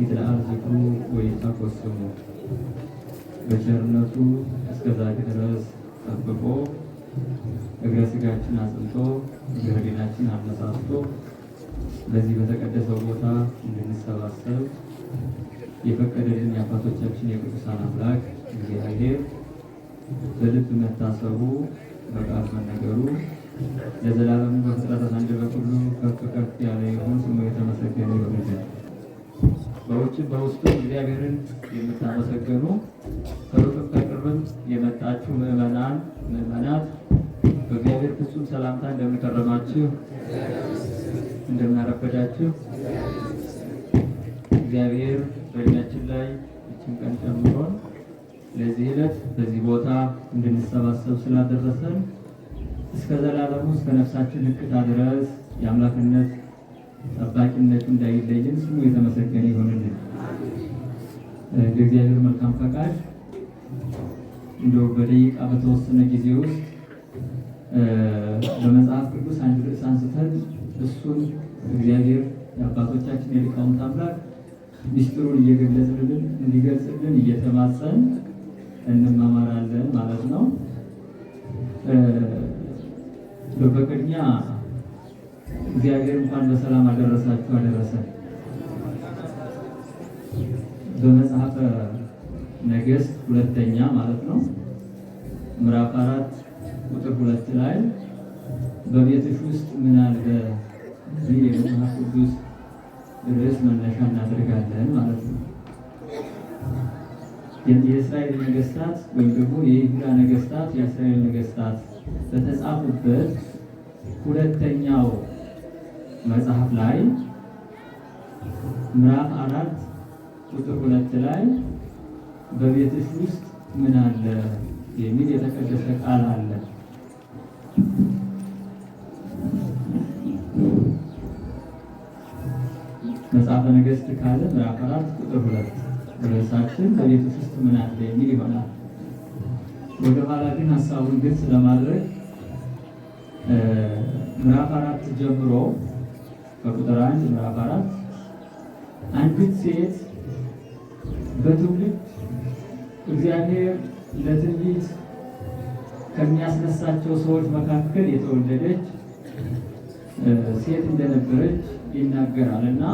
ይትላል በቸርነቱ እስከ ዛሬ ድረስ ጠብቆ እግረ ስጋችን አጽንቶ እግረ ዲናችን አነሳስቶ በዚህ በተቀደሰው ቦታ እንድንሰባሰብ የፈቀደልን የአባቶቻችን የቅዱሳን አምላክ እግዚአብሔር በልብ መታሰቡ በቃል መነገሩ ለዘላለሙ በፍጥረታት አንደበት ሁሉ ከፍ ከፍ ያለ ይሁን ስሙ የተመሰገነ ይሁን። በውጭም በውስጡም እግዚአብሔርን የምታመሰግኑ ከሩቅም ከቅርብም የመጣችሁ ምዕመናን ምዕመናት በእግዚአብሔር ፍጹም ሰላምታ እንደምንከረማችሁ እንደምናረፈዳችሁ እግዚአብሔር በእድሜያችን ላይ እችን ቀን ጨምሮን ለዚህ ዕለት በዚህ ቦታ እንድንሰባሰብ ስላደረሰን እስከ ዘላለሙ እስከ ነፍሳችን ህቅታ ድረስ የአምላክነት ጠባቂነት እንዳይለየን ስሙ የተመሰገነ ይሆንልን። እንደ እግዚአብሔር መልካም ፈቃድ እንደው በደቂቃ በተወሰነ ጊዜ ውስጥ በመጽሐፍ ቅዱስ አንድ ርዕስ አንስተን እሱን እግዚአብሔር የአባቶቻችን የሊቃውንት አምላክ ሚስጥሩን እየገለጽልን እንዲገልጽልን እየተማጸን እንማማራለን ማለት ነው። በቅድሚያ እግዚአብሔር እንኳን በሰላም አደረሳችሁ አደረሰን። በመጽሐፈ ነገሥት ሁለተኛ ማለት ነው ምዕራፍ አራት ቁጥር ሁለት ላይ በቤትሽ ውስጥ ምን አለ ይህ የመጽሐፍ ቅዱስ ርዕስ መነሻ እናደርጋለን ማለት ነው። የእስራኤል ነገስታት ወይም ደግሞ የይሁዳ ነገስታት የእስራኤል ነገስታት በተጻፉበት ሁለተኛው መጽሐፍ ላይ ምዕራፍ አራት ቁጥር ሁለት ላይ በቤትሽ ውስጥ ምን አለ የሚል የተቀደሰ ቃል አለ። መጽሐፈ ነገሥት ካለ ምዕራፍ አራት ቁጥር ሁለት ርዕሳችን በቤት ውስጥ ምን አለ የሚል ይሆናል። ወደ ኋላ ግን ሀሳቡን ግልጽ ለማድረግ ምዕራፍ አራት ጀምሮ በቁጥር አንድ ምዕራፍ አራት አንዲት ሴት በትውልድ እግዚአብሔር ለትንቢት ከሚያስነሳቸው ሰዎች መካከል የተወለደች ሴት እንደነበረች ይናገራል እና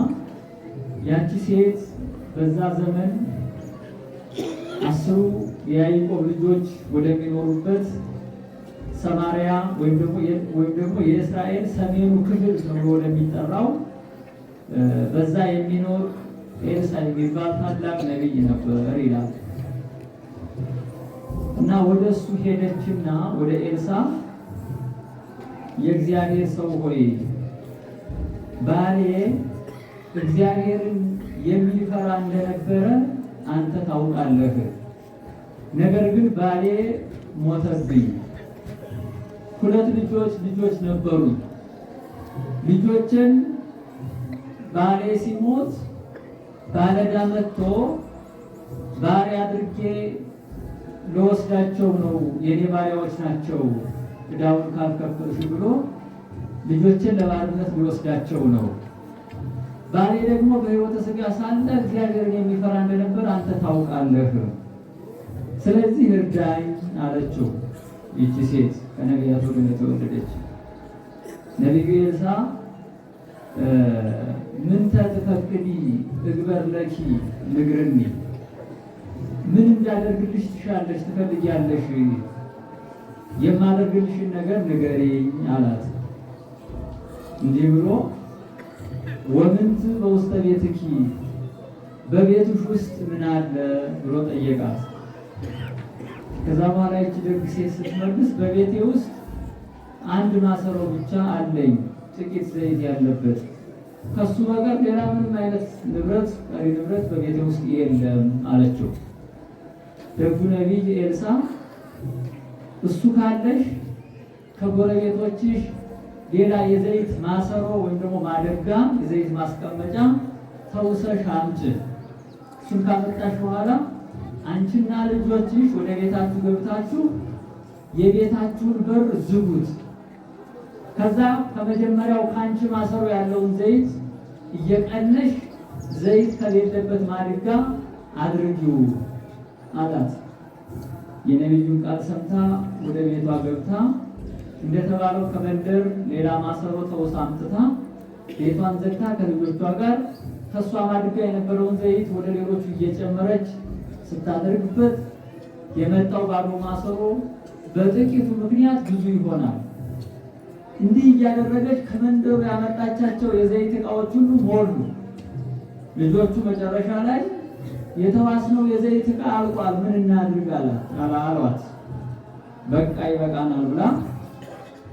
ያቺ ሴት በዛ ዘመን አስሩ የያዕቆብ ልጆች ወደሚኖሩበት ሰማሪያ ወይም ደግሞ የእስራኤል ሰሜኑ ክፍል ተብሎ ወደሚጠራው በዛ የሚኖር ኤልሳ የሚባል ታላቅ ነቢይ ነበር ይላል እና ወደ እሱ ሄደችና ወደ ኤልሳ የእግዚአብሔር ሰው ሆይ ባሌ እግዚአብሔርን የሚፈራ እንደነበረ አንተ ታውቃለህ። ነገር ግን ባሌ ሞተብኝ። ሁለት ልጆች ልጆች ነበሩ። ልጆችን ባሌ ሲሞት ባለዳ መጥቶ ባሪያ አድርጌ ለወስዳቸው ነው፣ የኔ ባሪያዎች ናቸው፣ እዳውን ካልከፈልሽ ብሎ ልጆችን ለባርነት ሊወስዳቸው ነው። ባሌ ደግሞ በሕይወተ ሥጋ ሳለ እግዚአብሔርን የሚፈራ እንደነበር አንተ ታውቃለህ፣ ስለዚህ እርዳኝ አለችው። ይቺ ሴት ከነቢያት ወገን የተወለደች ነቢዩ ኤልሳ ምንተ ትፈቅዲ እግበር ለኪ ንግርኒ፣ ምን እንዳደርግልሽ ትሻለሽ ትፈልጊያለሽ? የማደርግልሽን ነገር ንገሪኝ አላት። እንዲህ ብሎ ወምንት በውስተ ቤትኪ በቤትሽ ውስጥ ምን አለ ብሎ ጠየቃት። ከዛ በኋላ ይቺ ደግ ሴት ስትመልስ በቤቴ ውስጥ አንድ ማሰሮ ብቻ አለኝ፣ ጥቂት ዘይት ያለበት ከሱ በቀር ሌላ ምንም አይነት ንብረት ቀሪ ንብረት በቤቴ ውስጥ የለም አለችው። ደጉ ነቢይ ኤልሳ እሱ ካለሽ ከጎረቤቶችሽ ሌላ የዘይት ማሰሮ ወይም ደግሞ ማደጋ የዘይት ማስቀመጫ ተውሰሽ አምጪ። እሱን ካመጣሽ በኋላ አንቺና ልጆችሽ ወደ ቤታችሁ ገብታችሁ የቤታችሁን በር ዝጉት። ከዛ ከመጀመሪያው ከአንቺ ማሰሮ ያለውን ዘይት እየቀነሽ ዘይት ከሌለበት ማድጋ አድርጊው አላት። የነቢዩን ቃል ሰምታ ወደ ቤቷ ገብታ እንደተባለው ከመንደር ሌላ ማሰሮ ተውሳ አምጥታ ቤቷን ዘግታ ከልጆቿ ጋር ከእሷ ማድጋ የነበረውን ዘይት ወደ ሌሎቹ እየጨመረች ስታደርግበት የመጣው ባዶ ማሰሮ በጥቂቱ ምክንያት ብዙ ይሆናል። እንዲህ እያደረገች ከመንደሩ ያመጣቻቸው የዘይት እቃዎች ሁሉ ሞሉ። ልጆቹ መጨረሻ ላይ የተዋስነው የዘይት እቃ አልቋል፣ ምን እናድርግ አሏት። በቃ ይበቃናል ብላ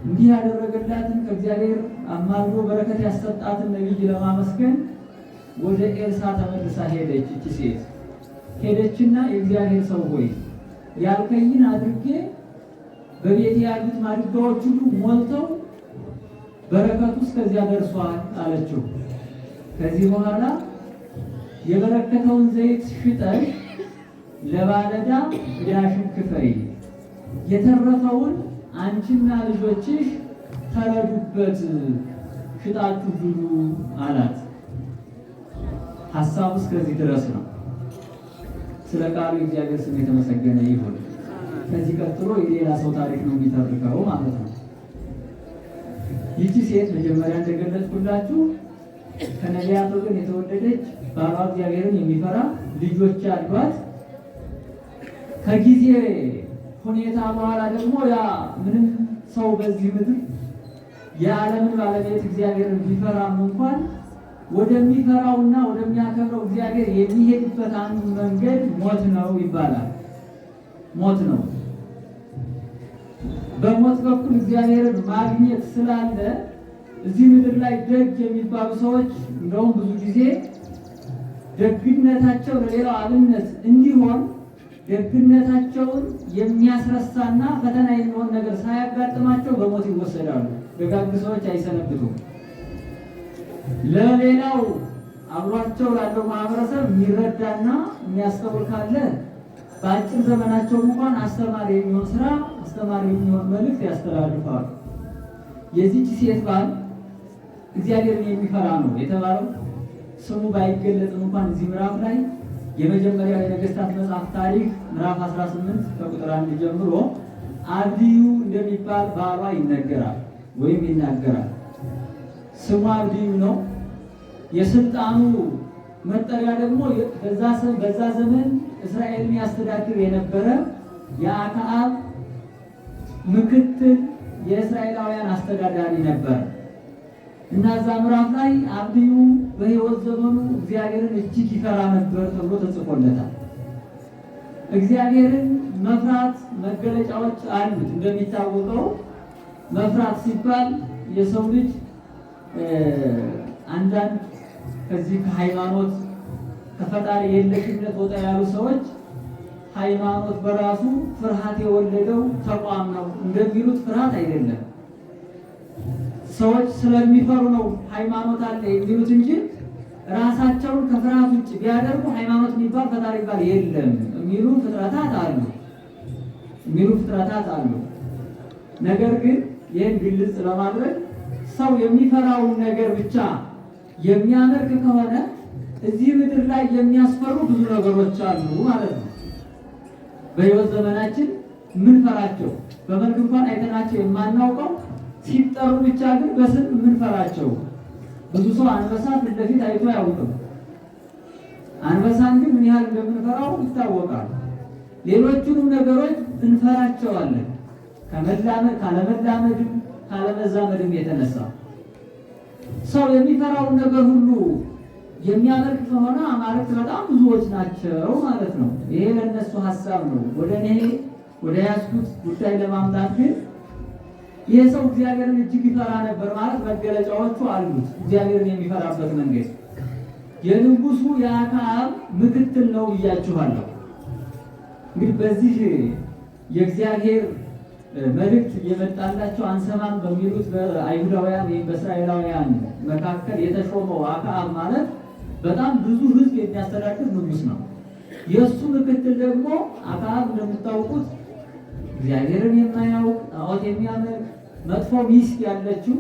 እንዲህ ያደረገላትን ከእግዚአብሔር አማልዶ በረከት ያሰጣትን ነቢይ ለማመስገን ወደ ኤልሳ ተመልሳ ሄደች። እቺ ሴት ሄደችና የእግዚአብሔር ሰው ሆይ ያልከኝን አድርጌ በቤት ያሉት ማድጋዎች ሁሉ ሞልተው በረከቱ እስከዚያ ደርሷል አለችው። ከዚህ በኋላ የበረከተውን ዘይት ሽጠሽ ለባለዳ ዕዳሽን ክፈይ የተረፈውን አንቺና ልጆችሽ ተረዱበት፣ ሽጣችሁ ብሉ አላት። ሀሳቡ እስከዚህ ድረስ ነው። ስለ ቃሉ እግዚአብሔር ስም የተመሰገነ ይሁን። ከዚህ ቀጥሎ የሌላ ሰው ታሪክ ነው የሚተርከው ማለት ነው። ይቺ ሴት መጀመሪያ እንደገለጽኩላችሁ ከነቢያት ወገን የተወደደች ባሏ እግዚአብሔርን የሚፈራ ልጆች አሏት ከጊዜ ሁኔታ በኋላ ደግሞ ያ ምንም ሰው በዚህ ምድር የዓለምን ባለቤት እግዚአብሔርን ቢፈራም እንኳን ወደሚፈራውና ወደሚያከብረው እግዚአብሔር የሚሄድበት አንዱ መንገድ ሞት ነው ይባላል። ሞት ነው። በሞት በኩል እግዚአብሔርን ማግኘት ስላለ እዚህ ምድር ላይ ደግ የሚባሉ ሰዎች እንደውም ብዙ ጊዜ ደግነታቸው ለሌላው አብነት እንዲሆን ደግነታቸውን የሚያስረሳና ፈተና የሚሆን ነገር ሳያጋጥማቸው በሞት ይወሰዳሉ። ደጋግ ሰዎች አይሰነብቱም። ለሌላው አብሯቸው ላለው ማህበረሰብ የሚረዳና የሚያስተውል ካለ በአጭር ዘመናቸው እንኳን አስተማሪ የሚሆን ስራ፣ አስተማሪ የሚሆን መልእክት ያስተላልፋሉ። የዚች ሴት ባል እግዚአብሔርን የሚፈራ ነው የተባለው ስሙ ባይገለጥም እንኳን እዚህ ምዕራፍ ላይ የመጀመሪያ የነገስታት መጽሐፍ ታሪክ ምዕራፍ 18 ከቁጥር 1 ጀምሮ አብድዩ እንደሚባል ባሏ ይነገራል ወይም ይናገራል። ስሙ አብድዩ ነው። የስልጣኑ መጠሪያ ደግሞ በዛ ዘመን እስራኤልን ያስተዳድር የነበረ የአክዓብ ምክትል የእስራኤላውያን አስተዳዳሪ ነበር። እና እዛ ምዕራፍ ላይ አብድዩ በሕይወት ዘመኑ እግዚአብሔርን እጅግ ይፈራ ነበር ተብሎ ተጽፎለታል። እግዚአብሔርን መፍራት መገለጫዎች አሉት። እንደሚታወቀው መፍራት ሲባል የሰው ልጅ አንዳንድ ከዚህ ከሃይማኖት ከፈጣሪ የለሽነት ወጣ ያሉ ሰዎች ሃይማኖት በራሱ ፍርሃት የወለደው ተቋም ነው እንደሚሉት ፍርሃት አይደለም። ሰዎች ስለሚፈሩ ነው ሃይማኖት አለ የሚሉት እንጂ ራሳቸውን ከፍርሃት ውጭ ቢያደርጉ ሃይማኖት የሚባል ፈጣሪ ይባል የለም የሚሉ ፍጥረታት አሉ የሚሉ ፍጥረታት አሉ። ነገር ግን ይህን ግልጽ ለማድረግ ሰው የሚፈራውን ነገር ብቻ የሚያመልክ ከሆነ እዚህ ምድር ላይ የሚያስፈሩ ብዙ ነገሮች አሉ ማለት ነው። በህይወት ዘመናችን ምን ፈራቸው በመልክ እንኳን አይተናቸው የማናውቀው ሲጠሩ ብቻ ግን በስም የምንፈራቸው ብዙ ሰው አንበሳን ፊት ለፊት አይቶ አያውቅም። አንበሳን ግን ምን ያህል እንደምንፈራው ይታወቃል። ሌሎቹንም ነገሮች እንፈራቸዋለን ከመላመድ ካለመላመድም ካለመዛመድም የተነሳ ሰው የሚፈራውን ነገር ሁሉ የሚያመልክ ከሆነ አማልክት በጣም ብዙዎች ናቸው ማለት ነው። ይሄ ለእነሱ ሀሳብ ነው። ወደ እኔ ወደ ያዝኩት ጉዳይ ለማምጣት ግን ይህ ሰው እግዚአብሔርን እጅግ ይፈራ ነበር ማለት መገለጫዎቹ አሉት። እግዚአብሔርን የሚፈራበት መንገድ የንጉሱ የአክዓብ ምክትል ነው ብያችኋለሁ። እንግዲህ በዚህ የእግዚአብሔር መልእክት እየመጣላቸው አንሰማም በሚሉት በአይሁዳውያን ወይም በእስራኤላውያን መካከል የተሾመው አክዓብ ማለት በጣም ብዙ ሕዝብ የሚያስተዳድር ንጉስ ነው። የእሱ ምክትል ደግሞ አክዓብ እንደምታውቁት እግዚአብሔርን የማያውቅ ጣዖት የሚያመልክ መጥፎ ሚስት ያለችው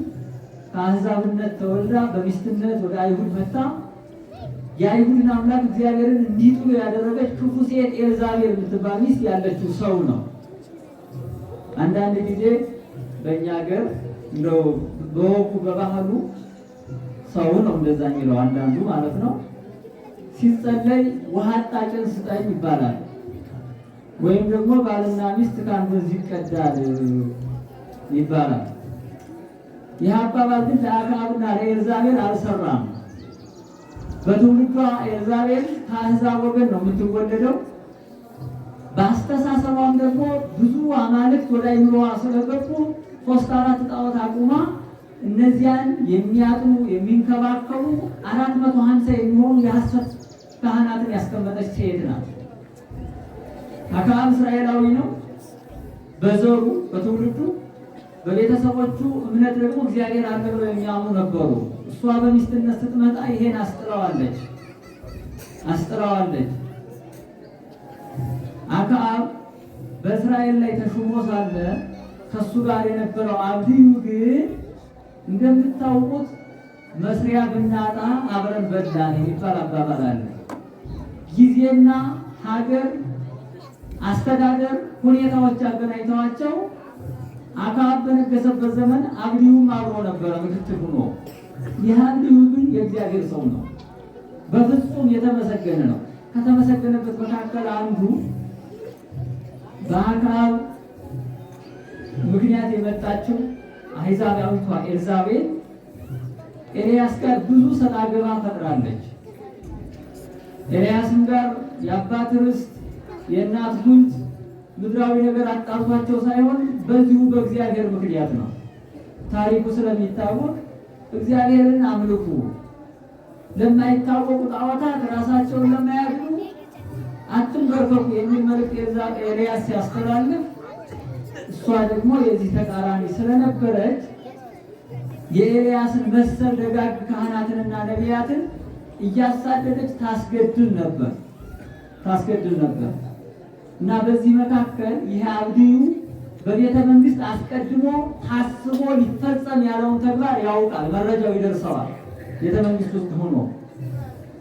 ከአህዛብነት ተወልዳ በሚስትነት ወደ አይሁድ መጣ። የአይሁድን አምላክ እግዚአብሔርን እንዲጡ ያደረገች ክፉ ሴት ኤልዛቤል የምትባል ሚስት ያለችው ሰው ነው። አንዳንድ ጊዜ በእኛ ሀገር እንደው በወቁ በባህሉ ሰው ነው እንደዛ የሚለው አንዳንዱ ማለት ነው። ሲጸለይ ውሃ አጣጭን ስጠኝ ይባላል። ወይም ደግሞ ባልና ሚስት ከአንዱ ይቀዳል ይባላል። ይህ አባባል ግን ለአክዓብና ለኤልዛቤል አልሰራም። በትውልዷ ኤልዛቤል ከአሕዛብ ወገን ነው የምትወለደው። በአስተሳሰቧም ደግሞ ብዙ አማልክት ወደ አይምሮዋ ስለገቡ ሶስት አራት ጣዖት አቁማ እነዚያን የሚያጡ የሚንከባከቡ አራት መቶ ሀምሳ የሚሆኑ የሐሰት ካህናትን ያስቀመጠች ሴት ናት። አክዓብ እስራኤላዊ ነው በዘሩ በትውልዱ በቤተሰቦቹ እምነት ደግሞ እግዚአብሔር አለ ብለው የሚያምኑ ነበሩ። እሷ በሚስትነት ስትመጣ ይሄን አስጥረዋለች አስጥረዋለች። አክዓብ በእስራኤል ላይ ተሹሞ ሳለ ከሱ ጋር የነበረው አብድዩ ግን እንደምታውቁት መስሪያ ብናጣ አብረን በላን የሚባል አባባል አለ። ጊዜና ሀገር፣ አስተዳደር ሁኔታዎች አገናኝተዋቸው አክዓብ በነገሰበት ዘመን አብድዩም አብሮ ነበረ ምክትል ሆኖ። ይህ አብድዩ ግን የእግዚአብሔር ሰው ነው፣ በፍጹም የተመሰገነ ነው። ከተመሰገነበት መካከል አንዱ በአክዓብ ምክንያት የመጣችው አሕዛባዊቷ ኤልዛቤል ኤልያስ ጋር ብዙ ገባ ፈጥራለች። ኤልያስም ጋር የአባት ርስት የእናት ጉንት ምድራዊ ነገር አጣቷቸው ሳይሆን በዚሁ በእግዚአብሔር ምክንያት ነው። ታሪኩ ስለሚታወቅ እግዚአብሔርን አምልኩ፣ ለማይታወቁ ጣዖታት ራሳቸውን ለማያድኑ አትንበርከኩ የሚል መልእክት የዛ ኤልያስ ሲያስተላልፍ እሷ ደግሞ የዚህ ተቃራኒ ስለነበረች የኤርያስን መሰል ደጋግ ካህናትንና ነቢያትን እያሳደደች ታስገድል ነበር ታስገድል ነበር። እና በዚህ መካከል ይህ አብድዩ በቤተ መንግስት አስቀድሞ ታስቦ ሊፈጸም ያለውን ተግባር ያውቃል። መረጃው ይደርሰዋል። ቤተ መንግስት ውስጥ ሆኖ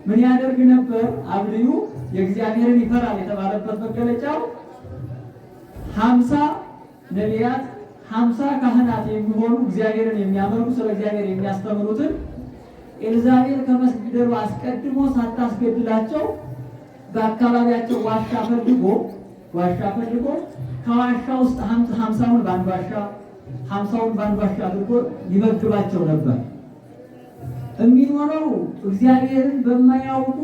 ምን ያደርግ ነበር? አብድዩ የእግዚአብሔርን ይፈራል የተባለበት መገለጫው ሀምሳ ነቢያት ሀምሳ ካህናት የሚሆኑ እግዚአብሔርን የሚያመሩ ስለ እግዚአብሔር የሚያስተምሩትን ኤልዛቤል ከመስጊደሩ አስቀድሞ ሳታስገድላቸው በአካባቢያቸው ዋሻ ፈልጎ ዋሻ ፈልጎ ከዋሻ ውስጥ ሀምሳውን በአንድ ዋሻ ሀምሳውን በአንድ ዋሻ አድርጎ ይመግባቸው ነበር። የሚኖረው እግዚአብሔርን በማያውቁ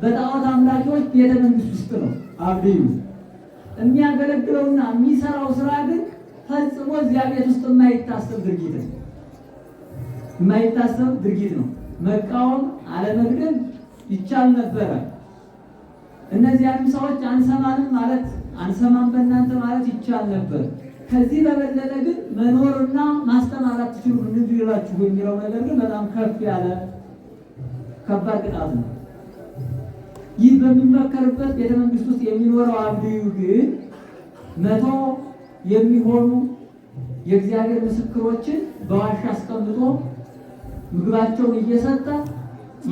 በጣዖት አምላኪዎች ቤተ መንግስት ውስጥ ነው አብድዩ። የሚያገለግለውና የሚሰራው ስራ ግን ፈጽሞ እዚያ ቤት ውስጥ የማይታሰብ ድርጊት ነው። የማይታሰብ ድርጊት ነው። መቃወም አለመግደል ይቻል ነበረ። እነዚያንም ሰዎች አንሰማንም ማለት አንሰማን በእናንተ ማለት ይቻል ነበር። ከዚህ በበለጠ ግን መኖርና ማስተማራት ትችሉ እንዲላችሁ የሚለው ነገር ግን በጣም ከፍ ያለ ከባድ ቅጣት ነው። ይህ በሚመከርበት ቤተ መንግስት ውስጥ የሚኖረው አብዩ ግን መቶ የሚሆኑ የእግዚአብሔር ምስክሮችን በዋሻ አስቀምጦ ምግባቸውን እየሰጠ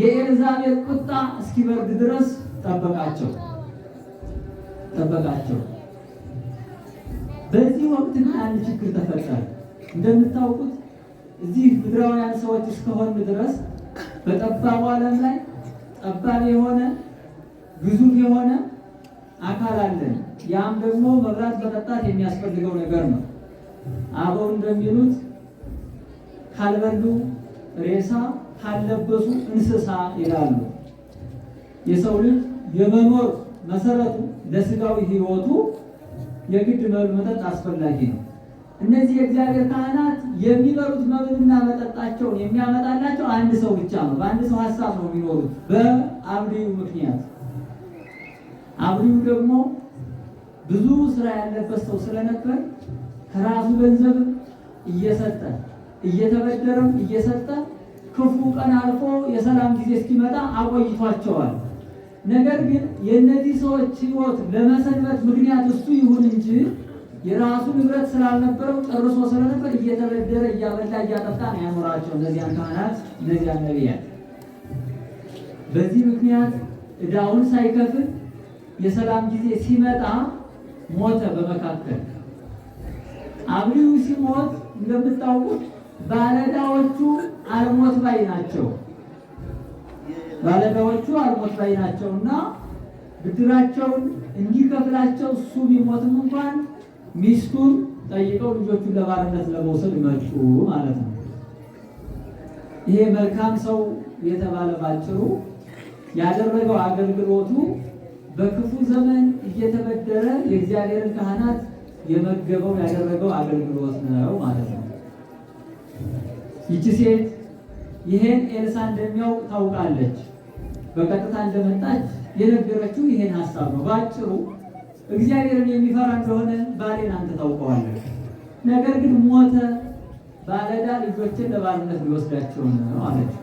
የኤልዛቤል ቁጣ እስኪበርድ ድረስ ጠበቃቸው ጠበቃቸው። በዚህ ወቅት ግን አንድ ችግር ተፈጠረ። እንደምታውቁት እዚህ ምድራውያን ሰዎች እስከሆን ድረስ በጠባቡ ዓለም ላይ ጠባብ የሆነ ግዙፍ የሆነ አካል አለን። ያም ደግሞ መብራት መጠጣት የሚያስፈልገው ነገር ነው። አበው እንደሚሉት ካልበሉ ሬሳ ካልለበሱ እንስሳ ይላሉ። የሰው ልጅ የመኖር መሰረቱ ለስጋዊ ህይወቱ የግድ መብል መጠጥ አስፈላጊ ነው። እነዚህ የእግዚአብሔር ካህናት የሚበሉት መብልና መጠጣቸውን የሚያመጣላቸው አንድ ሰው ብቻ ነው። በአንድ ሰው ሀሳብ ነው የሚኖሩት በአብድዩ ምክንያት። አብድዩ ደግሞ ብዙ ስራ ያለበት ሰው ስለነበር ከራሱ ገንዘብ እየሰጠ እየተበደረም እየሰጠ ክፉ ቀን አልፎ የሰላም ጊዜ እስኪመጣ አቆይቷቸዋል። ነገር ግን የእነዚህ ሰዎች ህይወት ለመሰንበት ምክንያት እሱ ይሁን እንጂ የራሱ ንብረት ስላልነበረው ጠርሶ ስለነበር እየተበደረ እያበላ እያጠፍታ ነው ያኖራቸው እነዚያን ካህናት እነዚያን ነቢያት። በዚህ ምክንያት እዳውን ሳይከፍል የሰላም ጊዜ ሲመጣ ሞተ። በመካከል አብሪው ሲሞት እንደምታውቁት ባለዕዳዎቹ አልሞት ባይ ናቸው። ባለዕዳዎቹ አልሞት ላይ ናቸውና ብድራቸውን እንዲከፍላቸው እሱ ቢሞትም እንኳን ሚስቱን ጠይቀው ልጆቹን ለባርነት ለመውሰድ መጡ ማለት ነው። ይሄ መልካም ሰው የተባለ ባጭሩ ያደረገው አገልግሎቱ በክፉ ዘመን እየተበደረ የእግዚአብሔርን ካህናት የመገበው ያደረገው አገልግሎት ነው ማለት ነው። ይቺ ሴት ይሄን ኤልሳ እንደሚያውቅ ታውቃለች። በቀጥታ እንደመጣች የነገረችው ይሄን ሀሳብ ነው። በአጭሩ እግዚአብሔርን የሚፈራ እንደሆነ ባሌን አንተ ታውቀዋለህ፣ ነገር ግን ሞተ፣ ባለዳ ልጆችን ለባርነት ሊወስዳቸው ነው አለች።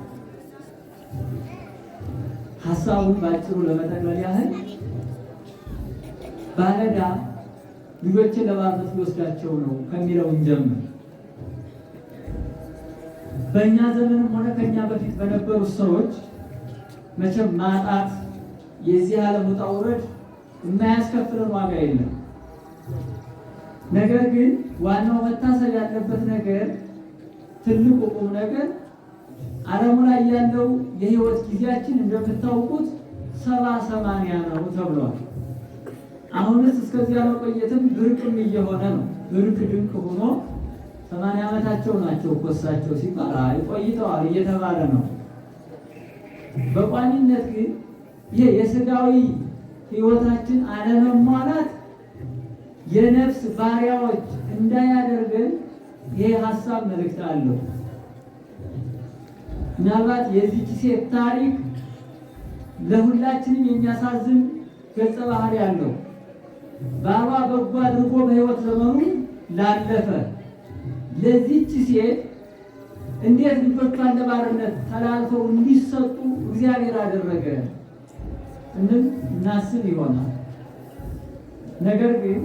ሀሳቡን በአጭሩ ለመጠቅለል ያህል ባለዳ ልጆችን ለባርነት ሊወስዳቸው ነው ከሚለውን ጀምር በእኛ ዘመንም ሆነ ከእኛ በፊት በነበሩት ሰዎች መቼም ማጣት የዚህ ዓለም ውጣ ውረድ የማያስከፍለን ዋጋ የለም። ነገር ግን ዋናው መታሰብ ያለበት ነገር ትልቁ ቁም ነገር ዓለሙ ላይ ያለው የህይወት ጊዜያችን እንደምታውቁት ሰባ ሰማንያ ነው ተብሏል። አሁንስ እስከዚያ መቆየትም ብርቅም እየሆነ ነው። ብርቅ ድንቅ ሆኖ ሰማንያ ዓመታቸው ናቸው እኮ እሳቸው ሲባል ቆይተዋል እየተባለ ነው። በቋሚነት ግን ይህ የስጋዊ ህይወታችን አለመሟላት የነፍስ ባሪያዎች እንዳያደርገን ይሄ ሀሳብ መልእክት አለው። ምናልባት የዚች ሴት ታሪክ ለሁላችንም የሚያሳዝን ገጸ ባህሪ ያለው ባሏ በጎ አድርጎ በህይወት ዘመኑ ላለፈ ለዚች ሴት እንዴት ልጆቿን ለባርነት ተላልፈው እንዲሰጡ እግዚአብሔር አደረገ እንል እናስብ ይሆናል። ነገር ግን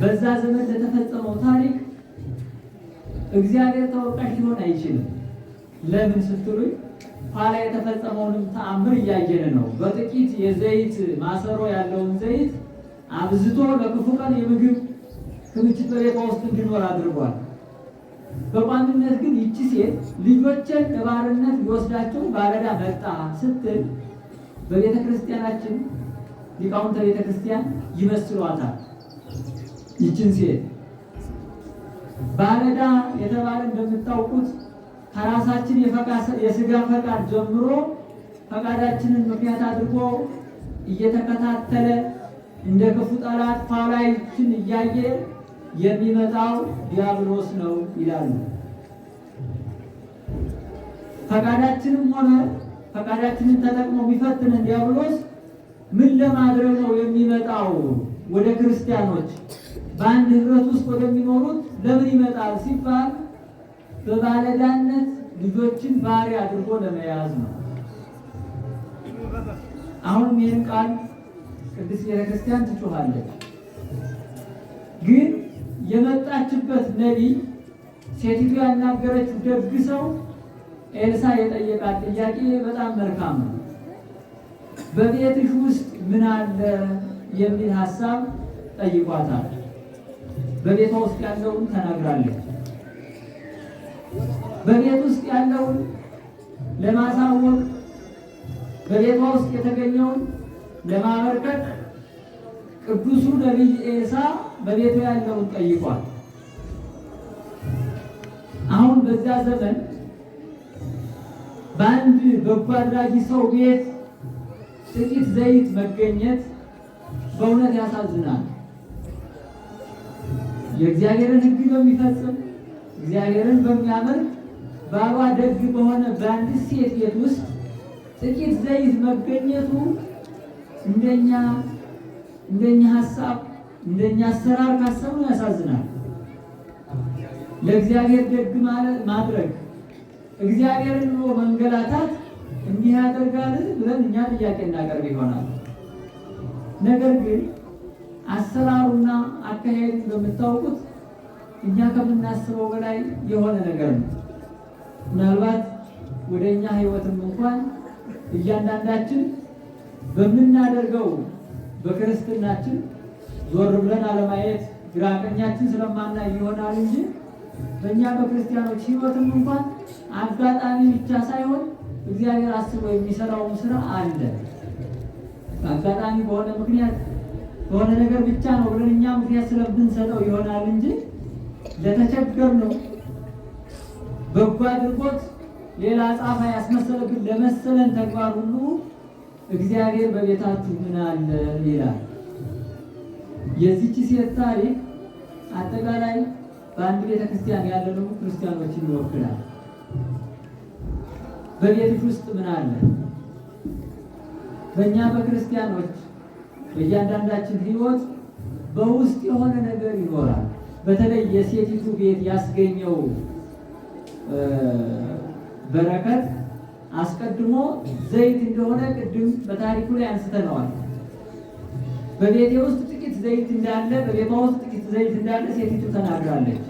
በዛ ዘመን ለተፈጸመው ታሪክ እግዚአብሔር ተወቃሽ ሊሆን አይችልም። ለምን ስትሉኝ ኋላ የተፈጸመውንም ተአምር እያየን ነው። በጥቂት የዘይት ማሰሮ ያለውን ዘይት አብዝቶ ለክፉ ቀን የምግብ ክምችት በሌባ ውስጥ እንዲኖር አድርጓል። በቋንጥነት ግን ይቺ ሴት ልጆችን ለባርነት ሊወስዳቸው ባረዳ መጣ ስትል በቤተ ክርስቲያናችን ሊቃውንተ ቤተ ክርስቲያን ይመስሏታል። ይችን ሴት ባረዳ የተባለ እንደምታውቁት ከራሳችን የስጋ ፈቃድ ጀምሮ ፈቃዳችንን ምክንያት አድርጎ እየተከታተለ እንደ ክፉ ጠላት ፋላይችን እያየ የሚመጣው ዲያብሎስ ነው ይላሉ። ፈቃዳችንም ሆነ ፈቃዳችንን ተጠቅሞ ቢፈትነን ዲያብሎስ ምን ለማድረግ ነው የሚመጣው? ወደ ክርስቲያኖች በአንድ ህብረት ውስጥ ወደሚኖሩት ለምን ይመጣል ሲባል በባለዳነት ልጆችን ባህሪ አድርጎ ለመያዝ ነው። አሁንም ይህን ቃል ቅድስት ቤተክርስቲያን ትጮኋለች ግን የመጣችበት ነቢይ ሴቲቱ ያናገረችው ደግ ሰው ኤልሳ የጠየቃት ጥያቄ በጣም መልካም ነው። በቤትሽ ውስጥ ምን አለ የሚል ሀሳብ ጠይቋታል። በቤቷ ውስጥ ያለውን ተናግራለች። በቤት ውስጥ ያለውን ለማሳወቅ በቤቷ ውስጥ የተገኘውን ለማበርከት ቅዱሱ ነቢይ ኤልሳ በቤቱ ያለውን ጠይቋል። አሁን በዚያ ዘመን በአንድ በጎ አድራጊ ሰው ቤት ጥቂት ዘይት መገኘት በእውነት ያሳዝናል። የእግዚአብሔርን ሕግ በሚፈጽም እግዚአብሔርን በሚያመልክ ባሏ ደግ በሆነ በአንድ ሴት ቤት ውስጥ ጥቂት ዘይት መገኘቱ እንደኛ እንደኛ ሀሳብ እንደኛ አሰራር ካሰቡ ያሳዝናል። ለእግዚአብሔር ደግ ማድረግ እግዚአብሔር ብሎ መንገላታት እንዲህ ያደርጋል ብለን እኛ ጥያቄ እናቀርብ ይሆናል። ነገር ግን አሰራሩና አካሄዱ በምታውቁት እኛ ከምናስበው በላይ የሆነ ነገር ነው። ምናልባት ወደ እኛ ህይወትም እንኳን እያንዳንዳችን በምናደርገው በክርስትናችን ዞር ብለን አለማየት ግራቀኛችን ቀኛችን ስለማናይ ይሆናል እንጂ በእኛ በክርስቲያኖች ህይወትም እንኳን አጋጣሚ ብቻ ሳይሆን እግዚአብሔር አስቦ የሚሰራውም ስራ አለ። አጋጣሚ በሆነ ምክንያት በሆነ ነገር ብቻ ነው ብለን እኛ ምክንያት ስለምንሰጠው ይሆናል እንጂ ለተቸገር ነው በጎ አድርጎት ሌላ ጻፋ ያስመሰለብን ለመሰለን ተግባር ሁሉ እግዚአብሔር በቤታችሁ ምን አለ ይላል። የዚች ሴት ታሪክ አጠቃላይ በአንድ ቤተክርስቲያን ያለነው ክርስቲያኖችን ይወክላል። በቤትሽ ውስጥ ምን አለ? በእኛ በክርስቲያኖች በእያንዳንዳችን ህይወት በውስጥ የሆነ ነገር ይኖራል። በተለይ የሴቲቱ ቤት ያስገኘው በረከት አስቀድሞ ዘይት እንደሆነ ቅድም በታሪኩ ላይ አንስተነዋል። በቤቴ ውስጥ ዘይት እንዳለ በሌባ ውስጥ ጥቂት ዘይት እንዳለ ሴቲቱ ተናግራለች።